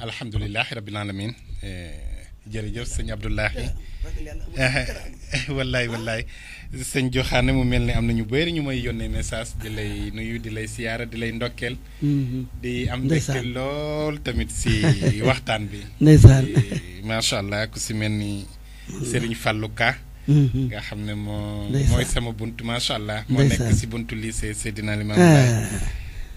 alhamdulillahi rabbil alamin jërëjëf sëñ Abdoulahi wallaay wallaay sëñ Joxaane mu mel ni am na ñu bëri ñu may yónnee message di lay nuyu di lay siyaara di lay ndokkeel. di am mbégte lool tamit si waxtaan bi. ndeysaan macha allah ku si mel ni Serigne Fallou Ka nga xam ne moo. mooy sama buntu macha allah. moo nekk si buntu lycée Seydina Limamou Laye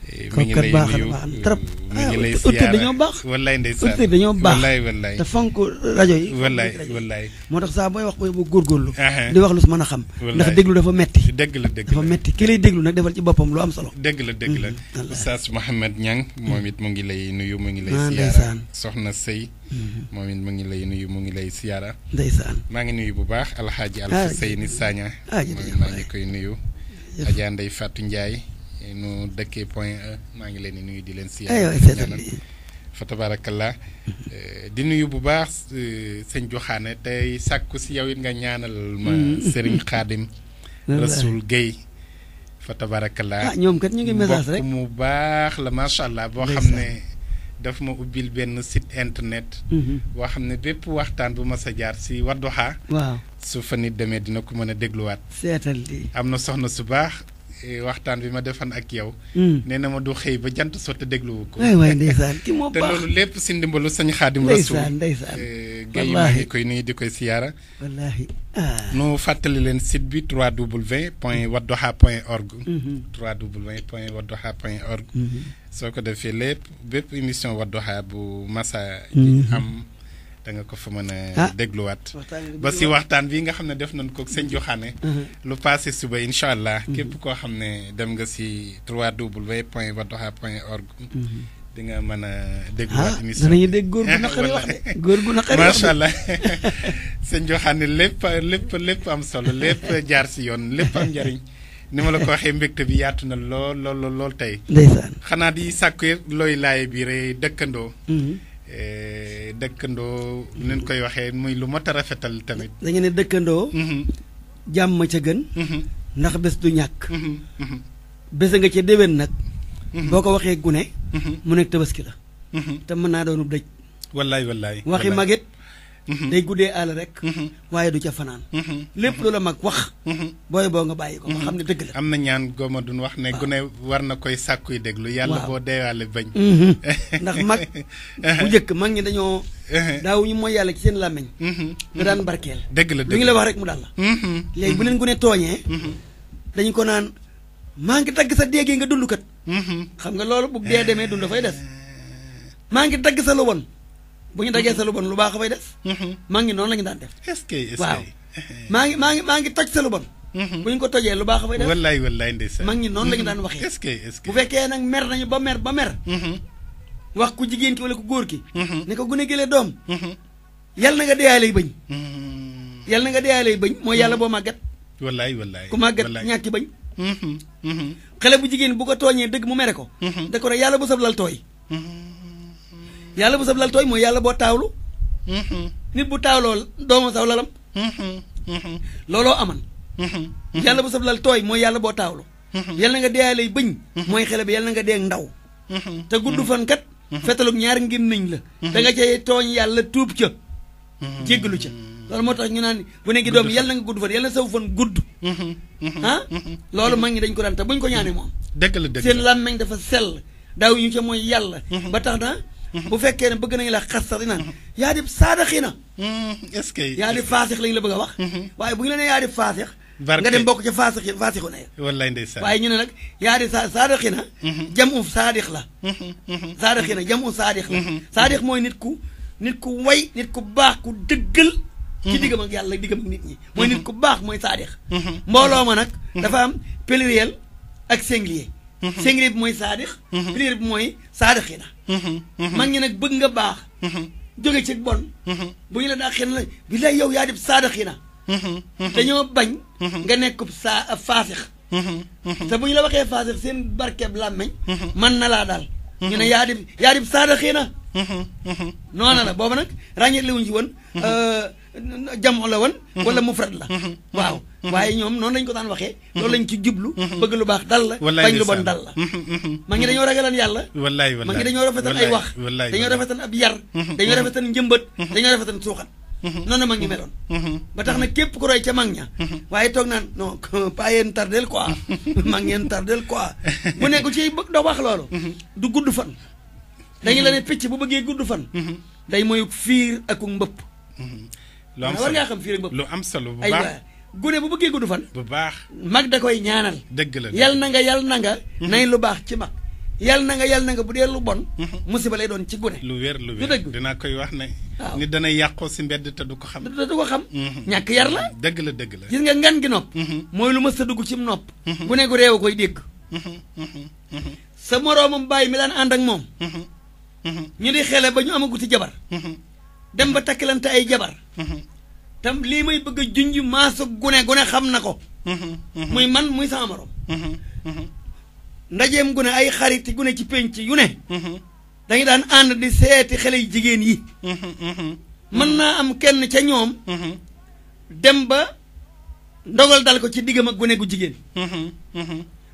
Eh, mi ngi lay nuyu trop mi ngi eh, lay siyaara dañoo baax wallaay ndeysaan uti dañoo baax wallaay wallaay te fonk rajo yi wallaay wallaay moo tax saa wax booy bu góorgóorlu di wax lu su mën a xam ndax déglu dafa metti dëgg la dëgg la dafa metti ki lay deglu nag defal ci boppam lu am solo dëgg la dëgg la oustaz Mouhamed Niang moom it ngi lay nuyu mu ngi lay siyaara ah, soxna sëy hmm. moom it ngi lay nuyu mu ngi lay siyaara ndeysaan maa ngi nuyu bu baax alxaaji Alfa Seyni Sagna moom it maa ngi koy nuyu Adja Ndeye Fatou Ndiaye nu dëkkee point E maa ngi leen di nuyu di leen siyaare fa tabarakallah euh, di nuyu bu baax euh, sëñ Joxaane tey sàkku si yow nga ñaanal ma mm-hmm. sëriñ Xaadim Rasoul Guèye fa tabarakallah ah, mu baax la macha boo xam ne daf ma ubbil benn site internet. Mm-hmm. boo xam ne bépp waxtaan bu ma sa jaar si Wadduha. su fa nit demee dina ko mën a dégluwaat. seetal lii am na soxna su baax. Eh, waxtaan bi ma defan ak yow. Hmm. nee na ma du xëy ba jant soo te dégluwu ko. waay waay ndeysaan ki moo te loolu lépp si ndimbalu sëñ Xaadim Rasul. ndeysaan ndeysaan eh, wallaahi maa ngi koy nuyu di koy siyaara. Ah. nu fàttali leen site bi www point wadduha point org. Mm-hmm. www point wadduha point org. Mm-hmm. soo ko defee lépp bépp émission wadduha bu massa. Mm-hmm. am. da nga ko fa mën a ah. dégluwaat ba si waxtaan bi nga xam ne def nañ ko sëñ Joxaane mm-hmm. lu passé suba incha allah mm-hmm. képp koo xam ne dem nga si www point wadduha point org mm-hmm. di nga mën a dégluwaat ah, émission danañu dégg góor gu naqari wax de góor gu naqari wax macha sëñ Joxaane lépp lépp lépp am solo lépp jaar si yoon lépp am njariñ ni ma la ko waxee mbégte bi yaatu na lool lool lool tey ndeysaan xanaa di sàkku looy laay biire dëkkandoo dëkkandoo nuñ koy waxee muy lu mot a rafetal tamit. da ne dëkkandoo. jàmm ca gën. ndax bés du ñàkk. bés nga ca déwén nag. boo ko waxee gune. mu nekk tabaski la. te mën naa doonu dëj. wallaay wallaay waxi magit Mhm. day guddee àll rek. Mhm. waaye du ca fanaan. Mhm. lépp lu la mag wax. booy boo nga bàyyi ko. xam ne dëgg la am na ñaan gooma dun wax ne. gune ah. war na koy sàkkuy déglu. yàlla boo deewaale bañ. ndax mag bu njëkk mag ñi dañoo. daaw ñu mooy yàlla ci seen làmmiñ. nga daan barkeel. dëgg la dëgg la lu ñu la wax rek mu daal la. léegi bu leen gune tooñee. dañu ko naan maa ngi dagg sa déggee nga dund kat. xam nga loolu bu dee demee dund dafay des. Eh. maa ngi dagg sa la won bu ñu dajee sa lu bon lu baax a fay des. Mhm. maa ngi noonu la ñu daan def. est-ce que est-ce que waaw maa ngi maa ngi maa ngi toj sa lu bon. Mhm. bu ñu ko tojee lu baax a fay des. wallaay wallaay ndeysaan maa ngi noonu daan mhm. waxee. bu fekkee nag mer nañu ba mer ba mer. wax ku jigéen ki wala ku góor ki. ne ko gune gële doom. yal na nga deeyaa lay bañ. yal na nga deeyaa lay bañ mooy yàlla boo màggat. wallaay wallaay ku màggat ñàkki bañ. xale bu jigéen bu tooñee dëgg mu mere ko. da ko ne bu sab tooy yalla bu sab toy tooy yalla bo tawlu hmm nit bu taawloo dooma saw lalam mm-hmm. mm-hmm. looloo aman mm-hmm. yalla bu sab toy tooy yalla bo tawlu taawlu yàlla nga deeyaale bëñ mooy xele bi yalla na nga dee ndaw hmm te guddu fan kat fetaluk ñaar ngim nañ la da nga ci tooñ yalla tuup ci jéggalu ca loolu moo tax ñu naan bu ne gi doom yalla nga guddu fan yalla na saw fan gudd ha ah? loolu mag ñi dañ ko daan ta buñ ko ñaané mom dëgg la dëgg la seen làmmeñ dafa sel daw ñu ci moy yalla ba tax na bu fekkee ne bëgg nañ la xas sax dinaan yaa di saadaxi na mm-hmm. est-ce que la bëgg a wax mm-hmm. waaye bu ñu la nee yaa faasix nga dem bokk ci faasix faasixu na wallaay ndeysaan waaye ñu ne nag sa na mm-hmm. jam um saadix la saadaxi na jam um saadix la saadix mooy nit ku nit ku way nit ku baax ku dëggal ci diggam ak yàlla diggam ak nit ñi mooy nit ku baax mooy saadix mbooloo ma nag dafa am pluriel ak singulier singri mhm. bi mooy saadix prière mhm. bi mooy saadix yi na mhm. mag ñi nag bëgg nga baax jóge ci bon bu ñu la daa xen la bi lay yow yaa def saadix yi na dañoo bañ nga nekkub saa faasix te bu ñu la waxee faasix seen barkeb làmmeñ man na laa daal ñu ne yaa def yaa def saadix yi na jamo la woon mhm. wala mufrad la mhm. Mhm. waaw waaye ñoom noonu lañ ko daan waxee loolu lañ ci jublu bëgg lu baax dal la bañ lu bon dal la ma ngi dañoo ragalan yàlla wallaay ma ngi dañoo rafetal ay wax dañoo rafetal ab yar dañoo rafetal njëmbat dañoo rafetal suuxat noonu ma ngi meloon ba tax na képp ku roy ca mag ña waaye toog naan non pas yéen tardel quoi mag ngeen tardel quoi bu nekku ci bëgg doo wax loolu du gudd fan dañu la ne picc bu bëggee gudd fan day mooy fiir ak mbëpp lu am solo war ngaa xam fii rek bopp lu am solo bu baax gune bu bëggee gudd fan. bu baax mag da koy ñaanal. dëgg la yal na nga yal na nga. Mhm. nay lu baax ci mag. yal na nga yal na nga bu dee lu bon. Mhm. musiba lay doon ci gune. lu wér lu wér dinaa koy wax ne. waaw nit yàqoo si mbedd te du ko xam. te du ko xam. Mhm. ñàkk yar la. dëgg la dëgg la gis nga ngan gi nopp. mooy lu mës a dugg ci nopp. gune gu réew koy dégg. sa moroomam bàyyi mi daan ànd ak moom. ñu di xele ba ñu amaguti jabar. dem ba takkalante ay jabar mm-hmm. tam lii may bëgg a junj maasu gune gune xam na ko mm-hmm. Mm-hmm. muy man muy sama morom ndajeem gune ay xarit gune ci pénc yu ne dañu daan ànd di seeti xale yu jigéen yi man naa am kenn ca ñoom dem ba ndogal dal ko ci diggam ak gune gu jigéen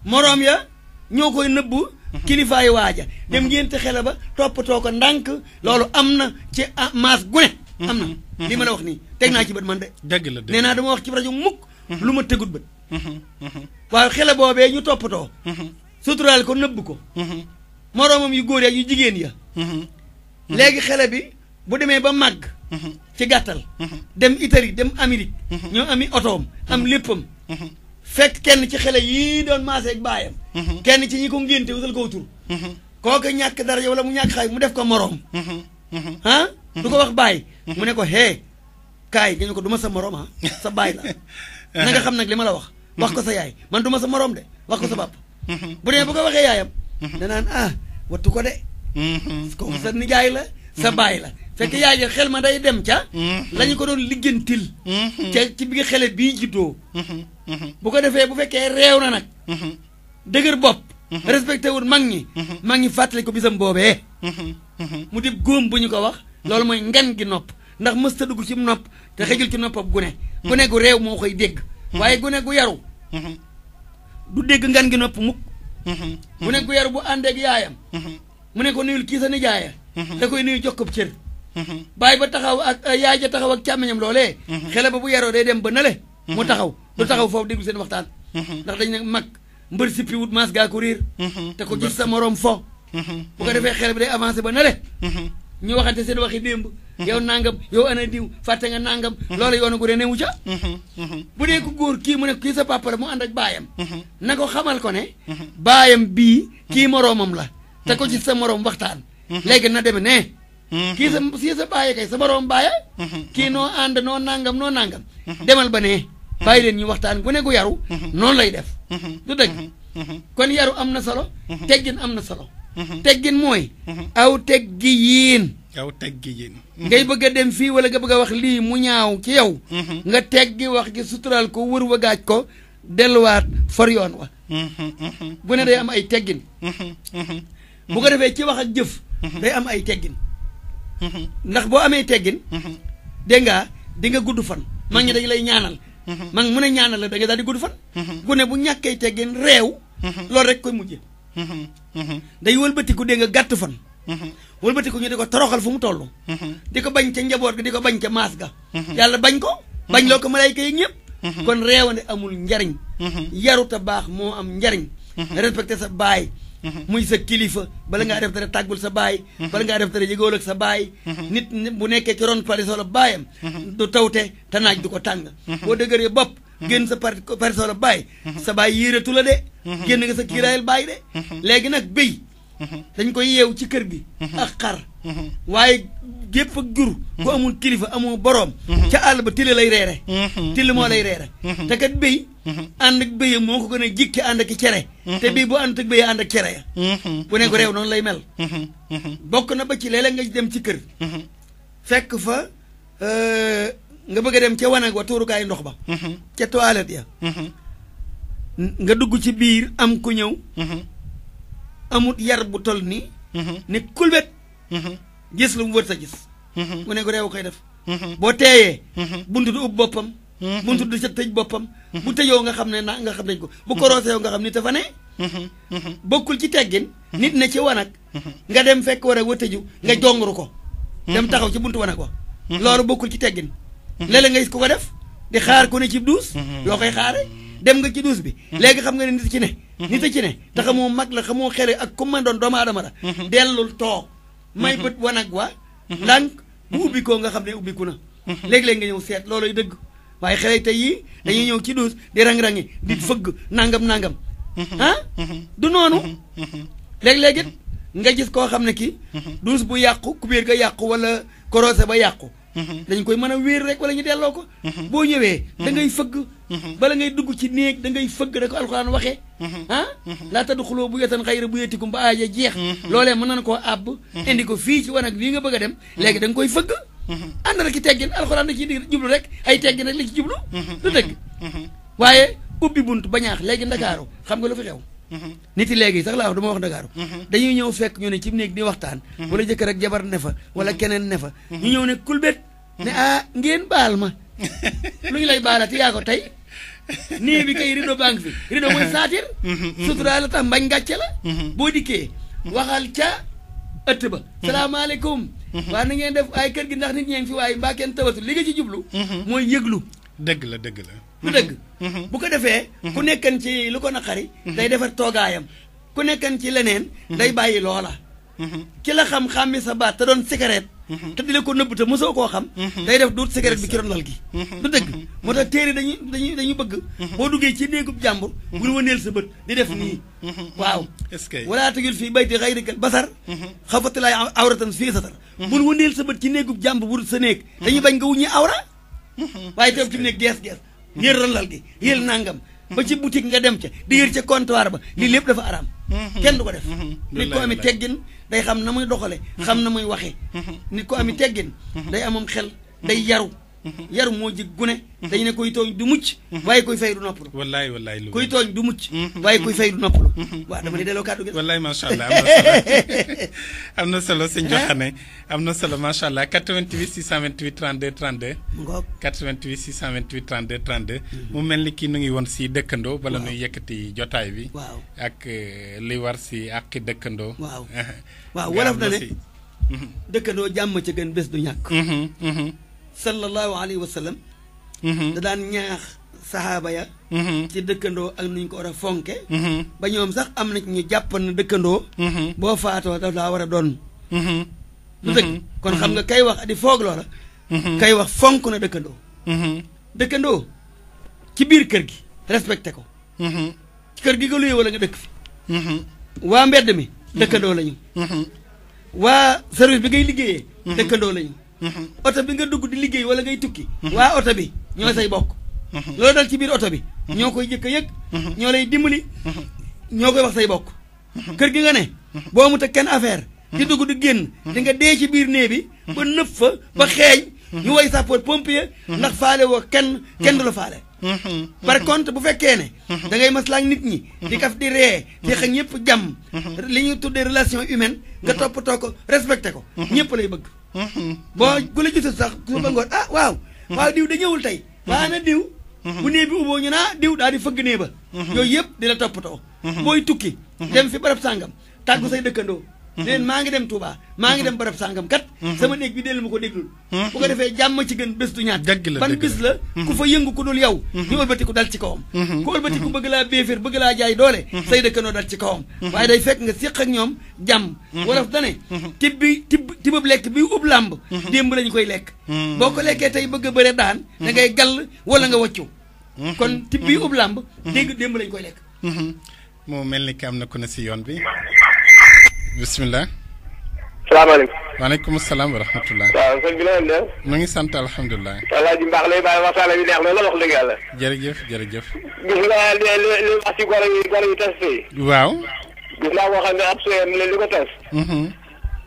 moroom ya ñoo koy nëbbu kilifaay waaja dem ngénte xele ba toppatoo ko ndànk loolu am na ci maas gune am na li ma la wax nii teg naa ci bët man de dëgg la nee naa dama wax ci rajo mukk mhm. lu ma tegut bët mhm. mhm. waaye xele boobee ñu toppatoo suturaal ko nëbb ko moroomam yu góor ya yu jigéen ya léegi xele bi bu demee ba màgg ci gàttal dem Italie dem Amérique ñoo ami otoom am léppam fekk kenn ci xele yii doon maase ak baayam mhm. kenn ci ñi ko ngénte wutal ko tur mhm. kooku ñàkk dara yow la mu ñàkk xay mu def ko moroom mhm. ah du ko wax baay mu ne ko hee kaay dañu ko du sa moroom ah sa baay la na nga xam nag li ma la wax wax ko sa yaay man du ma sa moroom de wax ko sa bàpp bu dee bu ko waxee yaayam danaan ah wattu ko de ko sa nijaay la sa baay la fekk yaay ja xel ma day dem ca la ko doon liggantil ca ci bi nga xele bii juddoo Mm-hmm. bu ko defee bu fekkee réew na nag mm-hmm. dëgër bopp mm-hmm. respecté wul mag ñi mag ñi fàttali ko bisam boobee mu dib góom bu ñu ko wax loolu mooy ngan gi nopp ndax ma dugg ci nopp te xëjul ci noppam gune gune gu réew moo koy dégg waaye gune gu yaru du dégg ngan gi nopp mukk gune gu yaru bu àndeeg yaayam mu ne ko nuyul kii sa nijaaya da koy nuyu jox ko cër bàyyi ba taxaw ak eh, yaay ja taxaw ak càmmiñam loolee xele ba bu yaroo day dem ba nale mu taxaw du taxaw fofu déglu seen waxtaan mhm. ndax dañ ne mag mbeur ci piwut mas ga courir mhm. te ko gis sa morom fo mhm. bu ko defé xel bi day avancer ba nalé ñu waxante seen waxi demb yow nangam yow ana diw fàtte nga nangam loolu yoonu gu newu bu dee ko ki mu ne ki sa papa la mu ànd ak bayam nako xamal ko ne bayam bi ki moromam la te ko ci sa morom waxtaan léegi na deme ne ki sa si sa baye kay sa morom baye ki no and no nangam no nangam demal ba ne bàyyi leen ñu waxtaan gune gu yaru mm-hmm. noonu lay def mm-hmm. du dëgg mm-hmm. kon yaru am na solo teggin am na solo teggin mooy aw teggi yiin aw teggi yiin ngay bëgg a dem fii wala nga bëgg a wax lii mu ñaaw ci yaw nga teggi wax gi sutural ko wër wagaaj ko delluwaat for yoon wa bu ne day am ay teggin bu ko defee ci wax ak jëf day am ay teggin ndax boo amee teggin dégg nga dinga gudd fan mag ñi dañ lay ñaanal Mhm. ma ngi mën a ñaanal la da ngay daal di gudd fan. Mhm. gune bu ñàkkee teggin réew. Mhm. loolu rek koy mujjee. day wëlbatiku dégg nga gàtt fan. wëlbatiku ñu di ko toroxal fu mu toll. di ko bañ ca njaboot gi di ko bañ ca maas ga. yàlla bañ ko. bañ loo ko malaayka yi ñëpp. kon réewande amul njariñ. yaruta baax moo am njariñ. respecté sa baay. Mm-hmm. muy sa kilifa bala ngaa def dara tàggul sa baay mm-hmm. bala ngaa def dara yëgool ak sa baay mm-hmm. nit bu nekkee ci ron parisoola baayam du tawte te naaj du ko tàng boo dëgëree bopp génn sa parisoola baay sa baay yiiratu la de génn sa kiiraayal baay de léegi nag béy dañ koy yeew ci kër gi mm-hmm. ak xar mm-hmm. waaye gépp ak jur ku mm-hmm. amul kilifa amoo boroom ca àll ba tili lay reere tili moo lay reere te kat béy ànd ak béya moo ko gën a jikki ànd ak cere te bii bu ànd ak béya ànd ak cere ya bu ne ko réew noonu lay mel bokk na ba ci léeg-léeg nga dem ci kër fekk fa euh, nga bëgg a dem ca wanag wa tuurukaayu ndox ba ca toilette ya nga dugg ci biir am ku ñëw amut yar bu toll nii. Mhm. ne kulbet. Mhm. gis lu mu wër sa gis. bu mhm. ne ko réew koy def. boo teeyee. buntu du ub boppam. buntu du sa tëj boppam. bu tëjoo nga xam ne na nga xam nañ ko. bu korosee yoo nga xam ni dafa ne. bokkul ci teggin. nit na ci wanag. nga dem fekk war a wëtëju nga jongru ko. dem taxaw ci buntu wanag wa. loolu bokkul ci teggin. léeg nga gis ku ko def di xaar ku ne ci duus. yoo koy xaare dem nga ci duus bi mm-hmm. léegi xam nga ne nit ci ne mm-hmm. nit a ci ne mm-hmm. te xamoo mag la xamoo xere ak ku ma doon doomu aadama la dellul toog may bët wanag wa ndànk bu ubbikoo nga xam ne ubbiku na léeg-léeg nga ñëw seet looloy dëgg waaye xale tey dañuy ñëw ci duus di rang-rangi di fëgg nangam nangam ah du noonu léeg-léeg it nga gis koo xam ne ki duus bu yàqu kubéer ga yàqu wala korosé ba yàqu Mm-hmm. dañ koy mën a wéer rek wala ñu delloo ko mm-hmm. boo ñëwee da ngay fëgg mm-hmm. bala ngay dugg ci néeg da ngay fëgg da ko alxuraan waxee ah? laa tadxuloo bu yotan xayra bu yetikum ba aaja jeex loolee nga bëgg a da koy fëgg ànd na ki teggin alxuraan da ciy dig jublu rek ay teggin la ci jublu du dëgg waaye ubbi bunt bañaax léegi ndakaaru xam nga lu fi xew nit yi léegi sax laa wax dama wax Ndakaaru dañuy ñëw fekk ñu ne ci néeg di waxtaan wala jëkkër ak jabar ne fa wala keneen ne fa ñu ñëw ne kulbet ne ah ngeen baal ma lu ñu lay baalati yaa ko tey nii bi kay rido banque fi rido mooy saatir mm-hmm, mm-hmm. sutura la tax mbañ gàcce la mm-hmm. boo dikkee waxal ca ëtt ba salaamaaleykum waa ni ngeen def ay kër gi ndax nit ñee fi waaye mbaa kenn tawatu li nga ci jublu mooy yëglu dëgg la dëgg la lu dëgg bu ko defee ku nekkan ci lu ko naqari day defar toogaayam ku nekkan ci leneen nday bàyyi loola ki la xam xàmmi sa baat te doon cigarette mhm. te di la ko nëbb te mosoo koo xam mhm. day def duut cigarette bi ki doon lal gi mhm. du dëgg moo tax téere dañuy dañuy dañuy bëgg boo duggee ci néegub jàmbur bul waneel sa bët di def nii waaw walaa tagul fii bayti xayrikal basar xafatalaay awratan fii satar bul sa bët ci néegub jàmbur bu sa néeg dañuy bañ nga wuññi awra waaye teew ci mu ne gees gees yéen ron lal gi yéen nàngam ba ci boutique nga dem ca di yër ca comptoir ba lii lépp dafa araam mm-hmm. kenn du ko def mm-hmm. nit ko ami teggin day xam na muy doxale xam na muy waxe mm-hmm. nit ko ami teggin day amum xel day yaru yar moo jig gune dañ ne koy tooñ du mucc waaye koy fay du noppalu wallaay wallaay lu koy tooñ du mucc mm-hmm. waaye koy fay du noppalu mm-hmm. waaw dama lay delloo kàddu gi wallaay macha allah am na solo sëñ ah? Joxane am na solo macha allah 88 628 32 32 mu mel ni kii nu ngi woon si dëkkandoo bala nuy yëkkati jotaay bi waaw ak euh, li war si àqi dëkkandoo waaw waaw na ne mm-hmm. dëkkandoo jàmm ca gën bés du ñàkk sallallahu alayhi wa sallam mm-hmm. da daan ñaax saxaaba ya mm-hmm. ci dëkkandoo ak nuñ ko war a fonke mm-hmm. ba ñoom sax am na ñu jàpp na dëkkandoo boo faatoo daf daa war a doon lu dëgg kon xam nga kay wax di foog loola kay wax fonk na dëkkandoo dëkkandoo ci biir kër gi respecté ko kër gi nga luye wala nga dëkk fi waa mbedd mi dëkkandoo lañu waa service bi ngay liggéeyee dëkkandoo lañu oto bi nga dugg di liggéey wala ngay tukki waa oto bi ñoo say bokk loolu dal ci biir oto bi ñoo koy jëkk a yëg ñoo lay dimbali ñoo koy wax say bokk kër gi nga ne boo amut ak kenn affaire di dugg di génn di nga dee ci biir néeg bi ba nëb fa ba xeej ñu woy sapeur pompier ndax faale woo kenn kenn du la faale par contre bu fekkee ne da ngay maslaak nit ñi di kaf di ree di xañ ñëpp jàmm li ñuy tuddee relation humaine nga toppatoo ko respecté ko ñëpp lay bëgg boo ku la gisut sax su ba ngoon ah waaw mm-hmm. waaw diw da ñëwul tey waa mm-hmm. na diw mm-hmm. bu néeg bi uboo ñu naa diw daal di fëgg nee ba yooyu yëpp di la toppatoo booy tukki dem fi barab sàngam tàggu say dëkkandoo leen maa ngi dem Touba maa ngi dem barab sàngam kat sama néeg bi dellu ma ko déglul bu ko defee jàmm ci gën bés du ñaat ban bis la ku fa yëngu ku dul yow ñu ëlbatiku dal ci kawam ku ëlbatiku bëgg laa béefér bëgg laa jaay doole say dëkkandoo dal ci kawam waaye day fekk nga séq ak ñoom jàmm wolof dane tib bi tib tibab lekk bi ub làmb démb lañu koy lekk boo ko lekkee tey bëgg a bëre daan da ngay gàll nga waccu kon tib bi ub làmb dégg démb lañu koy lekk moo mel ni ki am na si yoon bi بسم الله السلام عليكم وعليكم السلام ورحمة الله سلام عليكم سلام سنت الحمد لله الله جمع لي بعد وصل لي نعمة الله خلق الله جرجف جرجف بسم الله ل ل ل ماشي قري قري تسي واو بسم الله وخلنا أبصر من اللي قتاس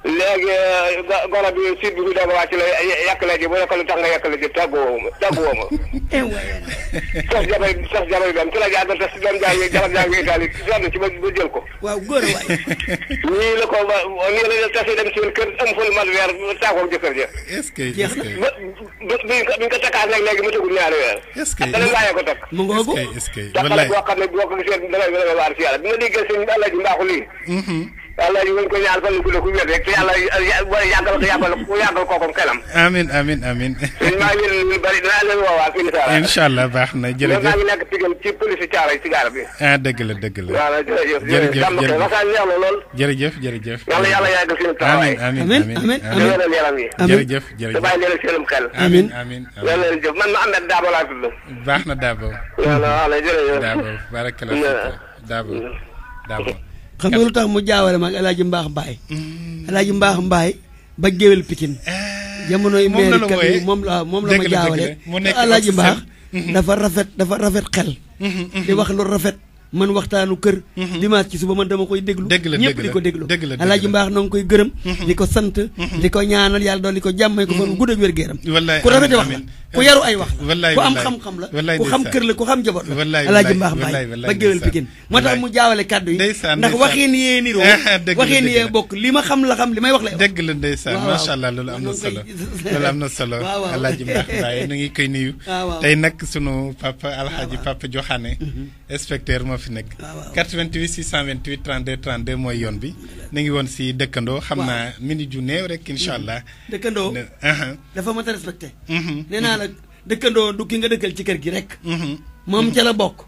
léegi golo bi siit bi fi doog a wàcc la yàq la ji bu nekk lu tax nga yàq la ji tàggoo ma tàggoo ma. sos jabar sos jabar doom ci la jaagal tas doom jaay jabar jaa ngi itaali sonn ci ba ba jël ko. waaw góor waay. ko ma nii la tasi dem seen kër am ful mat weer tàggoo jëkkër ja. est-ce que est-ce que ba ba biñ ko biñ ko takkaat nag léegi mu tëgul ñaari weer. est-ce que dana ko takk. mu ngoogu est-ce que est-ce que wallaay boo xam ne boo ko gisee dangay dangay bi nga déggee seen Alaaji Mbaaxu yàlla ñu ngi ko ñaan fan ko ku wér rek te yàlla yàggal ko yàggal ko yàggal kookam kanam amin amin amin sëñ maa ngi leen bari dinaa leen woowaat fi incha allah incha allah baax na jërëjëf maa ngi nekk Pikine ci police Thiaroye ci gaara bi ah dëgg la dëgg la waaw jërëjëf jërëjëf jërëjëf waxtaan neex na lool jërëjëf jërëjëf yàlla yàlla yàggal seen taxawaay amin amin amin amin yaram yi jërëjëf jërëjëf bàyyi leen seenum xel amin amin yàlla leen jëf man ma Ahmed Dabo laa tudd baax na Dabo yàlla yàlla jërëjëf Dabo barakallah Dabo Dabo xam nga lu tax mu jaawale maag El Hadj Mbaax Mbaay. El mm. Hadj Mbaax Mbaay ba géwél Pikine. Eh. jamonoy meeri kat yi moom la moom la ma jaawale. El Hadj Mbaax mm-hmm. dafa rafet dafa rafet xel. Mm-hmm, mm-hmm. di wax lu rafet. man waxtaanu kër mhm. dimanche ci suba man dama koy déglu ñëpp di ko déglu alaaji mbaax na nga koy gërëm mhm. di ko sant mhm. di ko ñaanal yàlla doo di ko jàmmay ko fan gudd ak wér géeram ku rafete wax la ku la am xam-xam la ko xam kër la ku xam njaboot la alaaji mbaax mbaay ba géwél Pikine moo tax mu jaawale kàddu yi ndax waxeen yee niroo waxeen yee bokk li ma xam la xam li may wax la dëgg la ndeysaan macha allah loolu am na solo loolu am na solo alaaji mbaax mbaay nu ngi koy nuyu tey nag sunu papa alxaaji papa joxaane inspecteur ma fi nekk. 88 628 32 32 mooy yoon bi. na ngi woon si dëkkandoo. xam naa minute ju néew rek hmm. incha allah. dëkkandoo. Uh-huh. dafa mat a respecté. Mm-hmm. nee naa la dëkkandoo du ki nga dëkkal ci kër gi rek. Mm-hmm. moom mm-hmm. ca la bokk.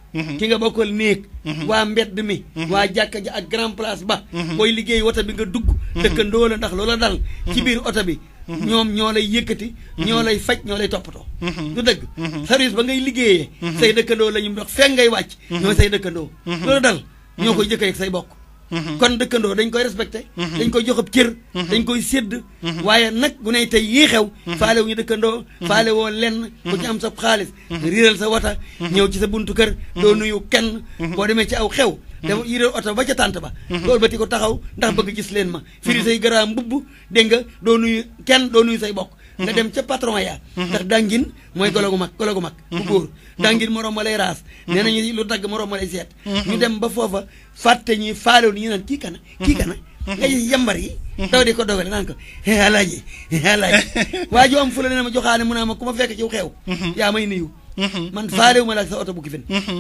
ki nga bokkal néeg. waa mbedd mi. waa jàkka ja ak grand place ba. booy liggéey oto bi nga dugg. dëkkandoo la ndax loola dal. ci biir oto bi. ñoom ñoo lay yëkkati. Mhm. ñoo lay faj ñoo lay toppatoo. Mhm. du dëgg. Mhm. service ba ngay liggéeyee. say dëkkandoo la ñu dox fekk ngay wàcc. ñooy say dëkkandoo. loolu dal ñoo koy jëkkee ak say bokk. Mhm. kon dëkkandoo dañ koy respecté mhm. dañ koy joxab cër mhm. dañ koy sédd waaye nag gu ne tey yii xew faale wu ñu dëkkandoo faale woo lenn ku ñu am sa xaalis riiral sa wata ñëw ci sa buntu kër doo nuyu kenn boo demee ci aw xew dafa yiree oto ba ca tànt ba loolu ba ti ko taxaw ndax bëgg gis leen ma firi say garaam mbubb dégg nga doo nuyu kenn doo nuyu say bokk nga dem ca patron ya ndax dangin mooy golo gu mag golo gu mag bu góor dangin moroom ma lay raas nee nañu lu dagg moroom ma lay seet ñu dem ba foofa fàtte ñi faaloon ñu naan kii kana kii kana nga gis yambar yi daw di ko dogale naan ko eh, alaaji eh, alaaji waa ju am fu la ne ma joxaane mu naa ma ku ma fekk ci xew mhm. yaa may nuyu Mm-hmm. man faarewu ma la ak sa oto bu ki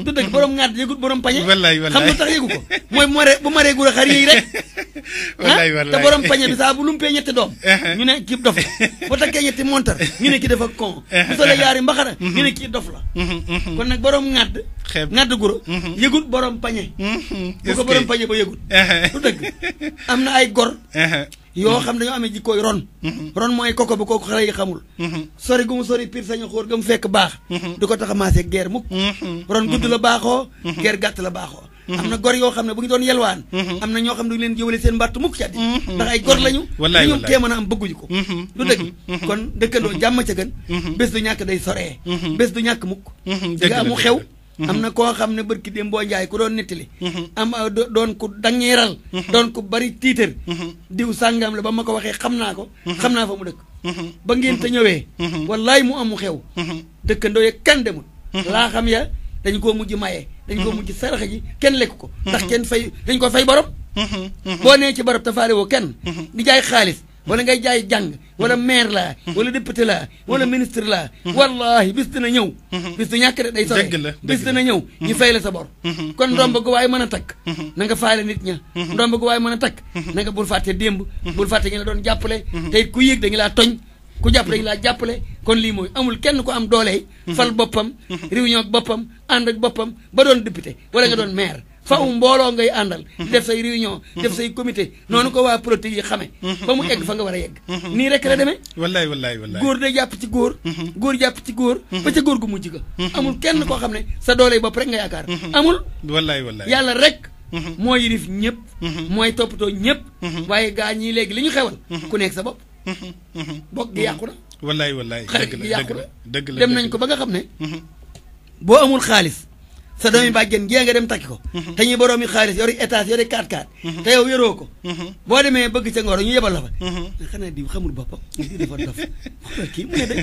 du dëgg borom ŋaat yëgut borom pañe wallaay wallaay xam nga ko mooy mare bu maree gur a xar yi rek wallaay ah? wallaay te borom pañe bi saa bu lumpee ñetti doom uh-huh. ñu ne kii dof la bu takkee ñetti montar ñu ne kii dafa con uh-huh. bu solee yaari mbaxana uh-huh. ñu ne kii dof la kon nag borom ŋaat ŋaat guro yëgut borom pañe bu borom pañe ba yëgut du dëgg am na ay gor yoo xam dañoo amee jikkooy ron mm-hmm. ron mooy koko bu kooku xale yi xamul mm-hmm. sori gu mu sori piir sañu xóor ga mu fekk baax mm-hmm. du ko tax a maase geer mukk ron gudd la baaxoo geer gàtt la baaxoo am na gor yoo xam ne bu ñu doon yelwaan am na ñoo xam du leen jëwale seen mbàtt mukk ci àddi ndax ay gor lañu li ñu tee a am bëgguñu ko du dëgg kon dëkkandoo jàmm ca gën bés du ñàkk day soree bés du ñàkk mukk nga amu xew am na koo xam ne barki dem boo njaay ku doon nettali am ah, doon ku dañeeral doon ku bari tiitar diw sàngam la ba ma ko waxee xam naa ko xam naa fa mu dëkk ba ngeen te ñëwee wallaay mu amu xew dëkkandoo ya kenn demul laa xam ya dañ koo mujj maye dañ koo mujj saraxa ji kenn lekk ko ndax kenn fay dañ ko fay borom boo nee ci borom te faale woo kenn di jaay xaalis wala ngay jaay jàng wala maire la wala député la wala ministre la wallahi bis dina ñëw bis du ñàkk de day sore bis dina ñëw ñu fay la sa bor mm-hmm. Mm-hmm. kon ndomba gu waay mën a takk mm-hmm. na nga faale nit ña ndomba gu waay man a takk na nga bul fàtte démb bul fàtte ñu la doon jàppale te it ku yéeg dañu laa toñ ku jàpp dañu laa jàppale kon lii mooy amul kenn ku am doole fal boppam réunion ak boppam ànd boppam ba doon député wala nga doon maire faw mbooloo ngay àndal def say réunion def say comité noonu ko waa proté yi xame ba mu egg fa nga war a yegg nii rek la demee wallaay wallaay wallaay góor day jàpp ci góor góor jàpp ci góor ba ca góor gu mujj amul kenn koo xam ne sa doole bopp rek nga yaakaar amul wallaay wallaay yàlla rek mhm. moo yilif ñëpp mhm. mooy toppatoo ñëpp mhm. waaye gaa ñii léegi li ñu xewal ku nekk sa bopp bokk gi yàqu na wallaay wallaay xarit gi yàqu na dem nañ ko ba nga xam ne boo amul xaalis sa doomi bàjjen jee dem takki ko mhm. te ñuy boroomi xaalis yori étage yori 4-4 mhm. te yow yoroo mhm. boo demee bëgg sa ngoro ñu yebal la fa xanaa diw da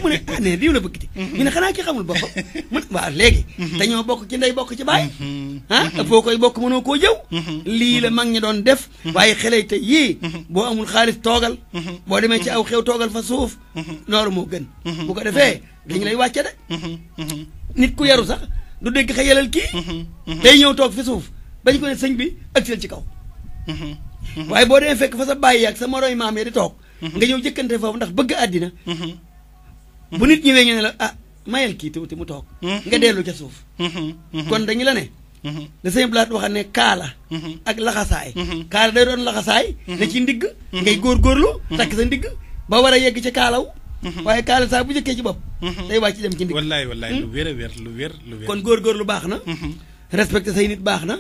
mu ne ah nee diw la bëgg ñu ne xanaa kii xamul boppam mu ne waaw léegi te ñoo bokk ci ndey bokk ci baay a ah, foo koy bokk mënoo koo jëw lii la mag ñi doon def waaye xeley te yii boo amul xaalis toogal boo demee ci aw xew toogal fa suuf loolu moo gën bu ko defee dañu lay wàcce de nit ku yaru sax du dégg xëyalal kii. Mm-hmm. Mm-hmm. day ñëw toog fi suuf bañ ko ne sëñ bi agsil ci kaw. Mm-hmm. waaye boo demee fekk fa sa bàyyi ak sa moroy maam ya di toog. nga ñëw jëkkante foofu ndax bëgg àddina. bu nit ñëwee ñu la ah mayal kii tuuti mu toog. nga dellu ca suuf. kon dañu la ne. da sëñ Blaat wax ne kaala. ak laxasaay. kaala day doon laxasaay. ne ci ndigg. ngay góorgóorlu. takk sa ndigg ba war a yegg ci kaalaw. Mhm. waaye kaala saa bu njëkkee ci bopp mhm. day wàcc dem ci ndig wallaay wallaay lu hmm? wér a wér lu wér lu wér kon góor góor lu baax na mhm. respecté say nit baax na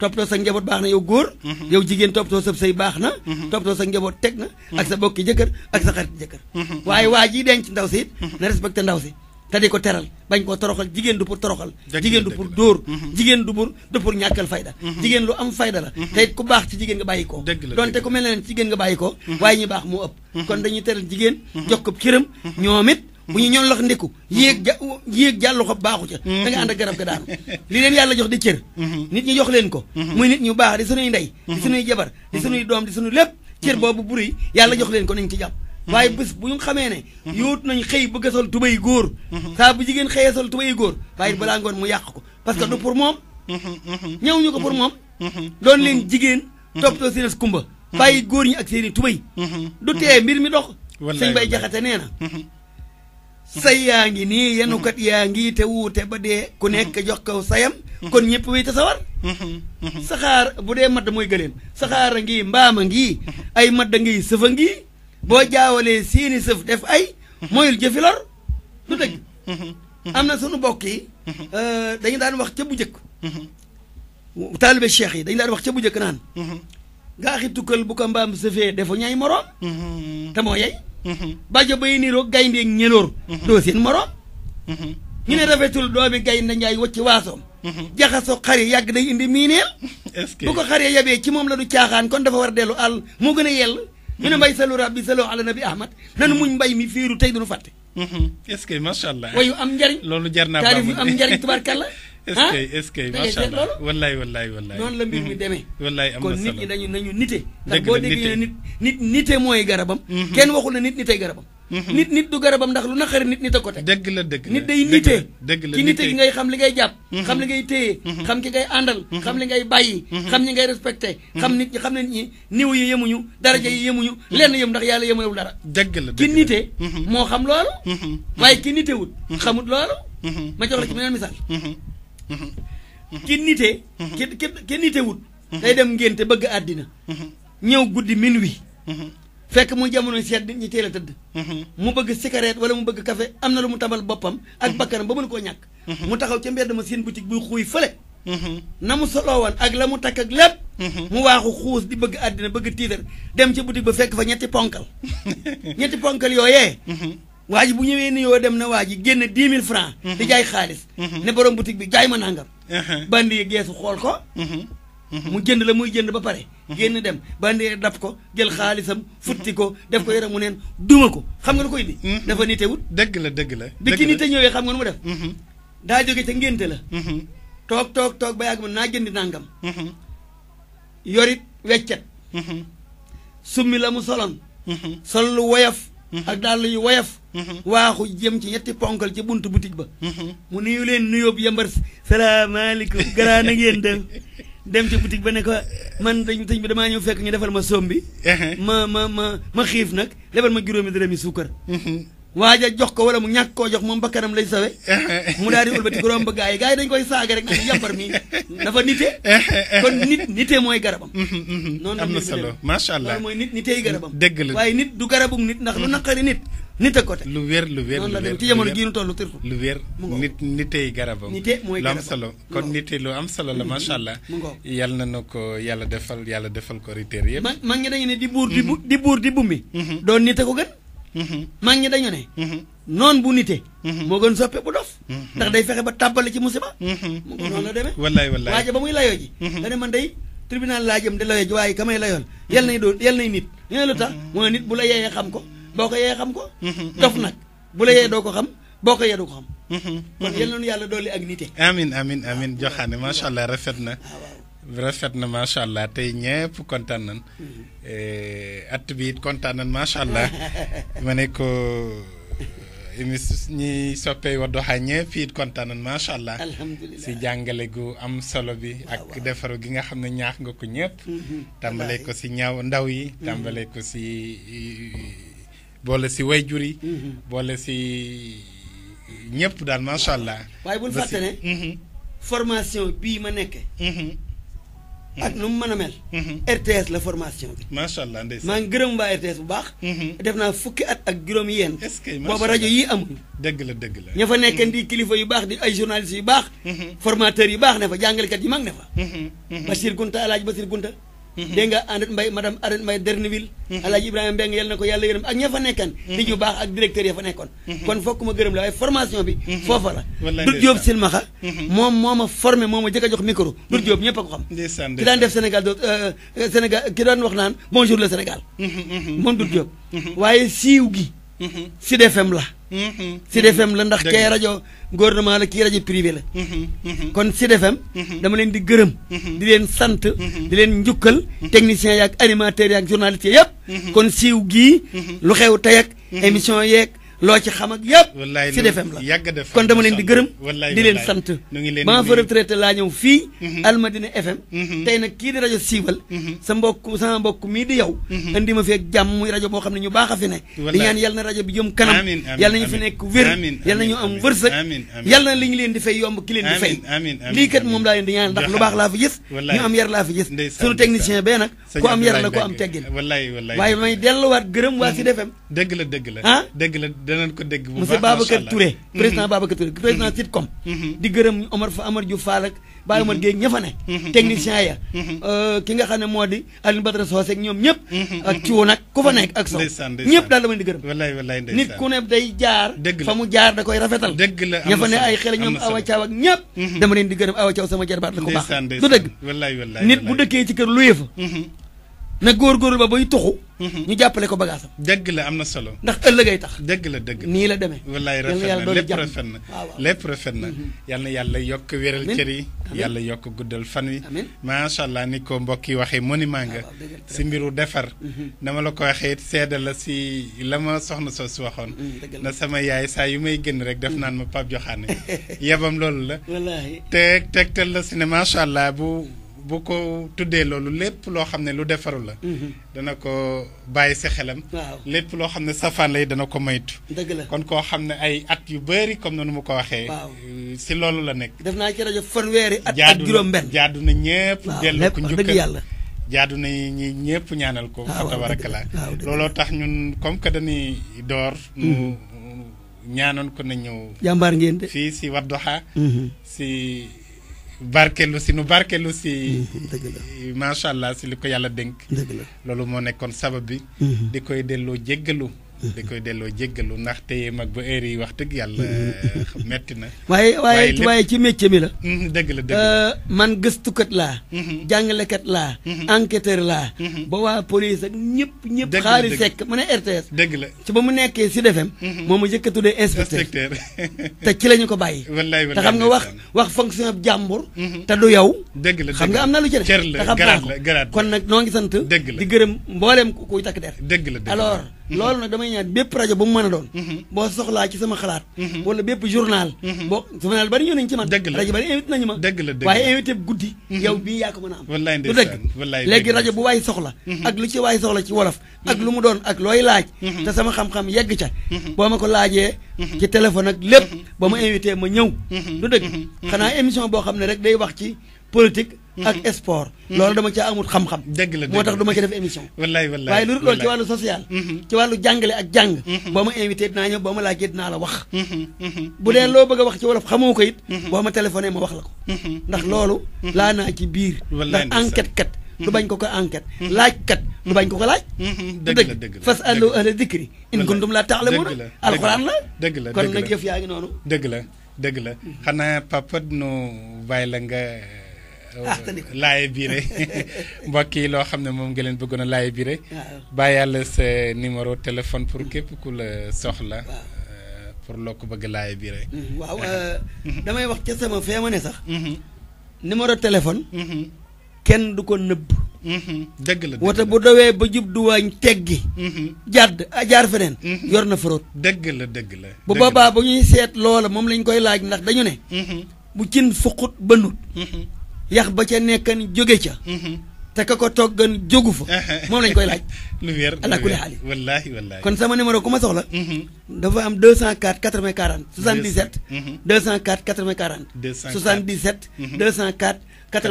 toppatoo sa njaboot baax na yow góor yow jigéen toppatoo sa say baax na toppatoo sa njaboot teg na ak sa bokki jëkkër ak sa xarit jëkkër waaye waa jii ci ndaw si it na respecté ndaw si te di ko teral bañ koo toroxal jigéen du pour toroxal jigéen du pour dóor mhm. jigéen du pour du pour ñàkkal fayda mhm. jigéen lu am fayda la mhm. te it ku baax ci jigéen nga bàyyi ko donte ku mel ne leen ci jigéen nga bàyyi ko waaye ñu baax moo ëpp kon dañuy teral jigéen jox ko cëram ñoom it bu ñu ñoon lox ndiku yéeg ja yéeg baaxu ca da nga ànd ak garab ga daanu li leen yàlla jox di cër nit ñi jox leen ko muy nit ñu baax di sunuy ndey di sunuy jabar di sunuy doom di sunu lépp cër boobu buri yàlla jox leen ko nañ ci jàpp waaye bés bu ñu xamee ne yóotu nañ xëy bëgg a sol tubay góor bu jigéen xëyee sol tubay góor waaye balaa ngoon mu yàq ko que du pour moom ñëw ñu ko pour moom doon leen jigéen toppatoo seen as kumba bàyyi góor ñi ak seen i tubay du tee mbir mi dox sëñ bay jaxate nee na say yaa ngi nii kat yaa ngi te wuute ba de ku nekk jox ko sayam kon ñëpp wéy ta sawar saxaar bu dee madd mooy gëleem saxaar a ngi mbaam a ngi ay madd a ngi sëf ngi boo jaawalee seeni sëf def ay mooyul jëfi lor du dëgg am na sunu mbokk yi euh, dañu daan wax ca bu njëkk taalibe cheikh yi dañu daan wax ca bu njëkk naan gaaxi tukkal bu ko mbaam sëfee defu ñaay moroom te moo yey bajo bay niroo gayndeeg ñenóor doo seen moroom ñu ne rafetul doomi gaynde njaay wacc waasoom jaxaso xar yi yàgg day indi miineel bu ko xar yi yabee ci moom la du caaxaan kon dafa war a dellu àll moo gën a ñu ne mbay salu bi saloo ala nabi ahmad nanu muñ mbay mi fiiru tey duñu fàtte mhm. est-ce que macha allah wayu am njariñ loolu jar naa taarif yu am njariñ tubaarkalla est-ce que ah? est-ce que macha allah wallaay wallaay wallaay noonu la mbir mi mhm. demee wallaay am na solo kon nit ñi nañu nite ndax boo déggee nit nit nite mooy garabam mhm. kenn waxul na nit nitey garabam Mhm. nit nit du garabam ndax lu naqari nit nit a ko teg dëgg la dëgg nit day nite gi ngay xam li ngay jàpp mhm. xam li ngay téye mhm. xam ki ngay àndal xam li ngay bàyyi xam ñi ngay respecté xam nit ñi xam ne nit ñi niw yi yemuñu daraja yi yemuñu lenn yem ndax yàlla yemewul dara dëgg la ki nite moo xam loolu waaye ki nitewul xamut loolu ma jox la ci beneen misaal ki nite ki ki nitewut day dem ngénte bëgg àddina ñëw guddi min wi fekk muy jamono seet nit ñi teel a tëdd mhm. mu bëgg cigarette wala mu bëgg café am na lu mu tamal boppam ak mhm. bakkanam ba mënu koo ñàkk mhm. mu taxaw ca mbedd ma seen boutique buy xuuy fële na mu soloo woon ak la mu takk ak lépp mu waaxu xuus di bëgg àddina bëgg tiitar dem ca boutique ba fekk fa ñetti ponkal ñetti ponkal yooyee waa ji bu ñëwee ni yoo dem na waa ji génn dix mille francs di jaay xaalis ne borom boutique bi jaay ma nangam bandi geesu xool ko mu jënd la muy jënd ba pare génn dem bandi daf ko jël xaalisam futti ko def ko yaramu neen duma ko xam nga lu koy indi mm-hmm. dafa nite wut dëgg la dëgg la bi ki nite ñëwee xam nga nu mu def mm-hmm. daa jóge ca ngénte la mm-hmm. toog toog toog ba yàgg ma naa jëndi nangam yorit weccet summi la mu solon sol lu woyof ak daal yu woyof waaxu jëm ci ñetti ponkal ci buntu boutique ba mu nuyu leen yambar salaamaaleykum garaa na ngeen dem ci boutique ba ne man dañ tëñ bi damaa ñëw fekk ñu defal ma soom bi uh-huh. ma ma ma ma xiif nag lebal ma juróomi dërëmi suukar uh-huh. waaja jox ko wala mu ñàkk koo jox moom bakkanam lay sawe mu daal di wëlbati góoram ba gaa yi gaa yi dañ koy saaga rek naan yàmbar mi dafa nite kon nit nite mooy garabam noonu am na solo macha mooy nit nitey garabam dëgg la waaye nit du garabum nit ndax lu mm-hmm. naqari nit nit ak côté lu wér lu wér lu wér ci jamono gii ñu toll surtout lu wér nit nitey garabam nite mooy lu am solo kon nite lu am solo la macha allah yal na na ko yàlla defal yàlla defal ko riteer yëpp mag ñi dañu ne di buur di bu di buur di bummi mm-hmm. doon nite ko gën Mm-hmm. mag ñi dañu ne mm-hmm. noon bu nite mm-hmm. moo gën soppe bu dof ndax day fexe ba tàbbale ci musiba mu ngi noonu la demee wallaay wallaay waaja ba muy layoo ji da ne man day tribunal laa jëm di layoo ji waaye ka may layoon yal nay doon yal nay nit ñene lu tax mooy nit bu la yeeyee xam ko boo ko yeeyee xam ko dof nag bu la yeeyee doo ko xam boo ko yedu ko xam kon yal na nu yàlla dolli ak nite amin amin amin ah, joxaane macha allah rafet na ah, rafet na macha allah tey ñëpp kontaan nan eh, at bi it kontaan nan macha allah ma ne ko eh, émis ñi soppee Wadduha ñëpp it kontaan nan macha allah si jàngale gu am solo bi ak defaru gi nga xam ne ñaax nga ko ñëpp mm-hmm. tàmbalee ko si ñaaw ndaw yi mm-hmm. tàmbalee ko si boole si wayjur yi mm-hmm. boole si ñëpp daal macha allah waaye bul fàtte ne formation bii ma nekke ak nu mu mën mel. Mhm. RTS la formation bi. macha allah ndeysaan maa ngi gërëm waa RTS bu baax. Mhm. def naa fukki at ak juróom yéen. est-ce que booba rajo yi amuñu. dëgg la dëgg la. ña fa nekkee mhm. di kilifa yu baax di ay journalistes yu baax. formateurs yi baax ne fa jàngalekat yi mag ne fa. Bachir Gunta El Hadj Bachir Gunta. Mhm. dégg nga Annette Mbaye madame Annette Mbaye Derneville mhm. alaaji Ibrahima Mbengue yal na ko yàlla yërëm ak ña fa nekkan di mhm. ñu baax ak directeur ya fa nekkoon kon fokk ma gërëm la waaye formation bi foofa la Doudou Diop Silmaxa moom moom ma formé moom ma jëkk a jox micro Doudou Diop ñëpp a ko xam ki daan def Sénégal do euh, euh, Sénégal ki daan wax naan bonjour le Sénégal moom Doudou Diop waaye siiw gi si FM la Mhm. Sud FM la ndax kee rajo gouvernement la kii rajo privé la mhm, mhm. kon Sud FM dama leen di gërëm di leen sant di leen njukkal techniciens yaak animateurs yaak journalistes yëpp kon siiw gii lu xew tey émission yeeg loo ci xam ak yëpp. wallaay Sud FM la yàgg def kon dama leen di gërëm. di leen sant. maa fa retraité laa ñëw fii. Mhm. Almadina FM. Mhm. tey nag kii di rajo siiwal. Mhm. sa bokk sama mbokk mii di yow. indi ma fi ak jàmm rajo boo xam ne ñu baax a fi ne. di ñaan yal na rajo bi jëm kanam. amiin amiin yal nañu fi nekk wér. yal nañu am wërsëg. yal na leen di fay yomb ki leen di fay. lii kat moom laa leen di ñaan ndax lu baax laa fi gis. ñu am yar laa fi gis. sunu technicien bee nag ku am yar la ku am teggin waaye may delluwaat gërëm la dëgg ah? danañ ko dégg bu baax monsieur Babacar Touré. Mm-hmm. président Babacar Touré président mm-hmm. Sitcom. Mm-hmm. di gërëm Omar Fa Amar Diouf Fall ak Baye Omar Gueye ña euh, da koy rafetal. dëgg bu dëkkee ci Mhm. ñu jàppale ko bagaasam. dëgg la am na solo. ndax ay tax. dëgg la dëgg la nii la demee. wallaay rafet na lépp rafet na mhm. yal na yàlla yokk wéral cër yi. yàlla yokk guddal fan wi. amiin macha allah ni ko mbokk yi waxee monument nga. Ah, si mbiru defar. Mhm. dama la ko waxee seede la si la ma soxna soo si waxoon. na sama yaay saa yu may génn rek def naan ma Pape Diokhané yebam loolu la. wallaay te tegtal si ne macha allah bu. bu ko tuddee loolu lépp loo xam ne lu defaru la. Mhm. dana ko bàyyi si xelam. lépp loo xam ne safaan lay dana ko moytu. dëgg kon koo xam ne ay at yu bëri comme nu mu ko waxee. Euh, si loolu la nekk. def naa ci rajo fanweeri at ak juróom jaadu na ñëpp. dellu ko jaadu na ñi ñëpp ñaanal ko. waaw tabarakala looloo tax ñun comme que dañuy door. Mhm. ñaanoon ko na ñëw. fii si Wadduha mhm. si. barkelu si nu barkelu si. Mm-hmm. dëgg macha allah si li ko yàlla dénk. loolu moo nekkoon sabab bi. Mm-hmm. di koy delloo jéggalu. di koy delloo jéggalu ndax tey mag ba heure yi wax dëgg yàlla metti na. waaye waaye waaye ci métier mi la. Mm-hmm, dëgg la dëgg la euh, man gëstukat laa. Mm-hmm. jàngalekat laa. Mm-hmm. enquêteur laa. ba waa police ak ñëpp ñëpp. dëgg la sekk mu ne RTS. dëgg la ci ba mu nekkee Sud FM. moom mu njëkk tuddee inspecteur. te ci la ñu ko bàyyi. wallaay te xam nga wax wax fonction ab jàmbur. te du yow. dëgg la xam nga am na lu ci def. cër la garaat la garaat kon nag noo ngi sant. dëgg la di gërëm mboolem kuy takk der. dëgg la alors. loolu nag damay ñaan bépp rajo bu mu mën a doon mhm. boo soxlaa ci sama xalaat mhm. wala bépp journal mhm. boo journal bari ñëw nañ ci man rajo bari invité nañu ma dëgg la dëgg waaye invité bu guddi yow bii yaa ko mën a am wallaay du dëgg léegi rajo bu waay soxla ak lu ci waay soxla ci wolof ak lu mu doon ak looy laaj te sama xam-xam yegg ca boo ma ko laajee ci téléphone ak lépp ba ma invité ma ñëw du dëgg xanaa émission boo xam ne rek day wax ci politique. Mhm. ak sport. Mhm. loolu dama ca amul xam-xam. dëgg la moo tax du ca def émission. wallaay wallaay waaye lu dul loolu ci wàllu social. Mhm. ci wàllu jàngale ak jàng. boo ma invité dinaa ñëw boo ma la wax. bu dee loo a wax ko it. boo ma téléphoné ko. ko dëgg la dëgg la fas allo ahla dikri. in kuntum laa la. dëgg la dëgg la la dëgg la xanaa papa nu bàyyi la nga Ah, euh, laaye biire mbokk yi loo xam ne moom nga leen bëggoon a laaye biire bàyyi yàlla sa numéro téléphone pour képp ku la soxla euh, pour loo ko bëgg laaye biire mm-hmm. waaw euh, damay wax ca sama fee ma ne sax mm-hmm. numéro téléphone mm-hmm. kenn du ko nëbb dëgg la dawee ba jub duwaañ teggi jàdd a jaar yor na faroot dëgg la dëgg la bu boobaa bu ñuy seet loola moom lañ koy laaj ndax dañu ne bu cin fuqut bënnut yax ba ca nekkan jóge ca. Mm-hmm. te ka ko toggan jógu fa. moom lañ koy laaj. lu wér ala kulli xaali wallaahi wallaahi kon sama numéro ku ma soxla. Mm-hmm. dafa am 204 80 40. 77. 204 80 40. 77. 204 80 40.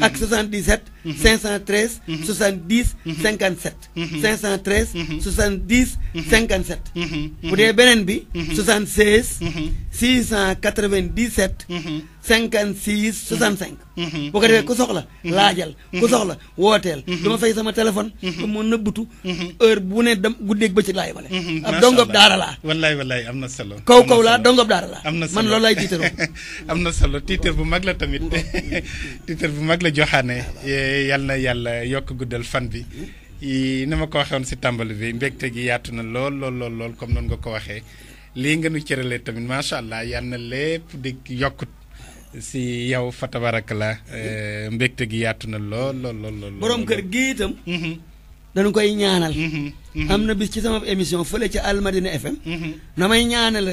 ak 77. 513. 70 57. 513. 70 57. bu dee beneen bi. 76. Mm-hmm. 697. cinquante six mm-hmm. soixante cinq mm-hmm. bu ko defee ku mm-hmm. soxla laajal ku soxla wooteel ma fay sama téléphone ba ma nëbbutu heure bu ne dem ba ci laay bale ab dongob daara laa wallaay wallaay am na solo kaw kaw laa dongob daara laa am na man loolu laay tiitaroo am na solo tiitar bu mag la tamit tiitar bu mag la joxaane yal na yàlla yokk guddal fan bi ni ma ko waxee woon si tàmbali bi mbégte gi yaatu na lool lool lool lool comme noonu nga ko waxee lii nga nu cëralee tamit macha allah yal na lépp di si yow fa tabarakallah eh, mbégte gi yaatu na lool lool lool lool. borom kër gi itam. Mm-hmm. dañu koy ñaanal. Mm-hmm. Mhm. am na bis ci sama émission fële ca Almadina FM. Mhm. na may ñaanal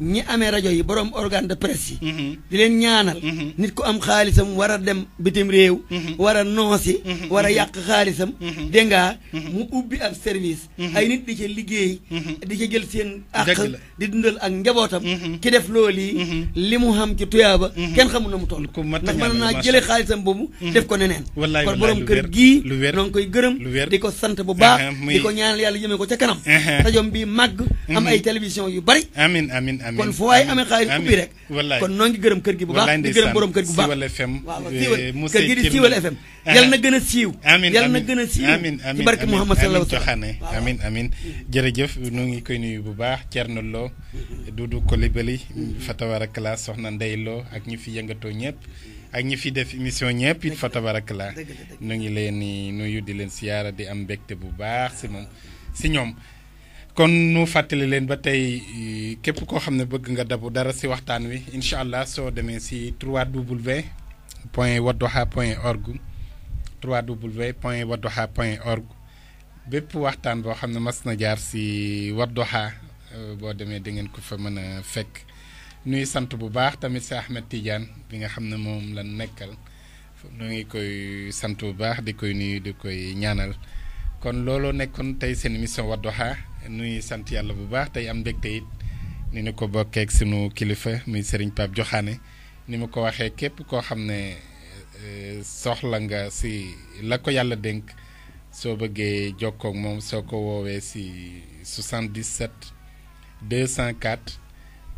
ñi amee rajo yi borom organe de presse yi. Mhm. di leen ñaanal. nit ku am xaalisam war a dem bitim réew. war a noosi. war a yàq xaalisam. dégg nga mu ubbi ab service. ay nit di ca liggéey. di ca jël seen àq. di dundal ak njabootam. ki def loolu yi. li mu xam ci tuyaaba. kenn xamul mu toll. ndax mën naa jëlee xaalisam boobu. def ko neneen. wallaay kon borom kër gii. lu wér noo ngi koy gërëm. di ko sant bu baax di ko ñaanal yàlla jëmee ko ca kanam uh-huh. uh-huh. ay télévision yu bari amin amin amin kon kër gi eh, na gën a siiw uh-huh. amin yal na gën a siiw amin ci barke Muhammad sallallahu alayhi wa sallam jërëjëf nu ngi koy bu baax Thierno Lo Doudou Coulibaly Fatabarakalla soxna Ndey ak ñi fi yëngatoo ñëpp ak ñi fi def mission ñëpp it fa tabarak la ñu ngi leen ni nuyu di leen siyaara di am mbégte bu baax si moom si ñoom kon nu fàttali leen ba tey eh, képp koo xam ne bëgg nga dabu dara si waxtaan wi incha allah soo demee si www point wadduha point org www point wadduha point org bépp waxtaan boo xam ne mas na jaar si wadduha eh, boo demee da ngeen ko fa mën a fekk nuy sant bu baax tamit si Ahmed Tidiane bi nga xam ne moom la nekkal nu ngi koy sant bu baax di koy nuyu di koy ñaanal kon looloo nekkoon tey seen émission Wadduha nuy sant yàlla bu baax tey am mbégte yit ni ñu ko bokkeek sunu kilifa muy Serigne Pape Diokhané ni ma ko waxee képp koo xam ne euh, soxla nga si la ko yàlla dénk soo bëggee jokkoo ak moom soo ko woowee si 77 204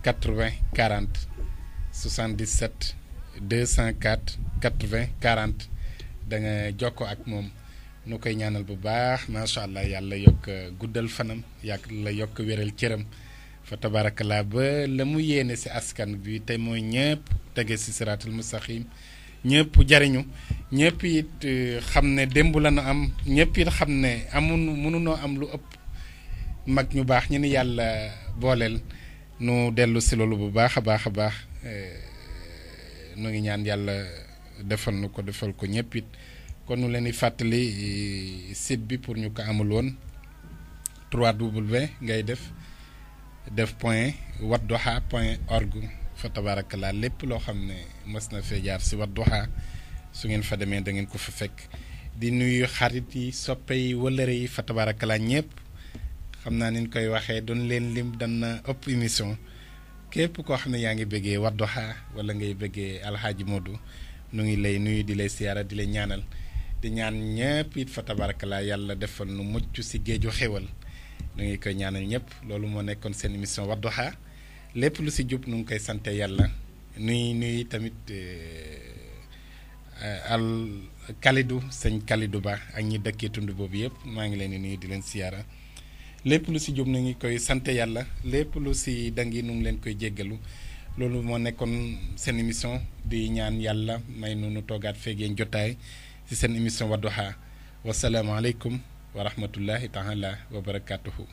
80 40 77 204 80 40 da nga jokko ak moom. nu koy ñaanal bu baax macha allah yàlla yokk euh, guddal fanam la yokk wéral cëram fa tabarakalaa ba la mu yéene si askan bi te mooy ñëpp tege si siraatul mustaqim ñëpp jariñu ñëpp euh, it xam ne démb lanu am ñëpp it xam ne amun mënunoo am lu ëpp mag ñu baax ñu ni yàlla booleel nu dellu si loolu bu baax a baax a baax euh, nu ngi ñaan yàlla defal nu ko defal ko ñëpp it kon nu leen di fàttali eh, sit bi pour ñu ko amul woon 3W ngay def def point wadduha point org fa tabarakallah lépp loo xam ne mës na fee jaar si wat wadduha su ngeen fa demee dangeen ko fa fekk di nuyu xarit yi soppe yi wëllëre yi fa tabarakallah ñëpp xam naa ni ñu koy waxee doon leen lim dana ëpp émission képp koo xam ne yaa ngi bëggee wadduha wala ngay bëggee alxaaji Modou nu ngi lay nuyu di lay siyaara di lay ñaanal di ñaan ñëpp it fa tabarakalaa yàlla defal nu mucc si géeju xewal nu ngi koy ñaanal ñëpp loolu moo nekkoon seen émission Wadduha lépp lu si jub nu ngi koy sante yàlla nuy nuy tamit euh, euh, al kalidu sëñ kalidu Ba ak ñi dëkkee tund boobu yëpp maa ngi leen di nuyu di leen siyaara lépp lu si jub nu ngi koy sante yàlla lépp lu si dangi nu ngi leen koy jéggalu loolu moo nekkoon seen émission di ñaan yàlla may nu nu toogaat feegeen jotaay ci seen émission Wadduha wasalaamaaleykum wa rahmatullahi taala wa barakatuhu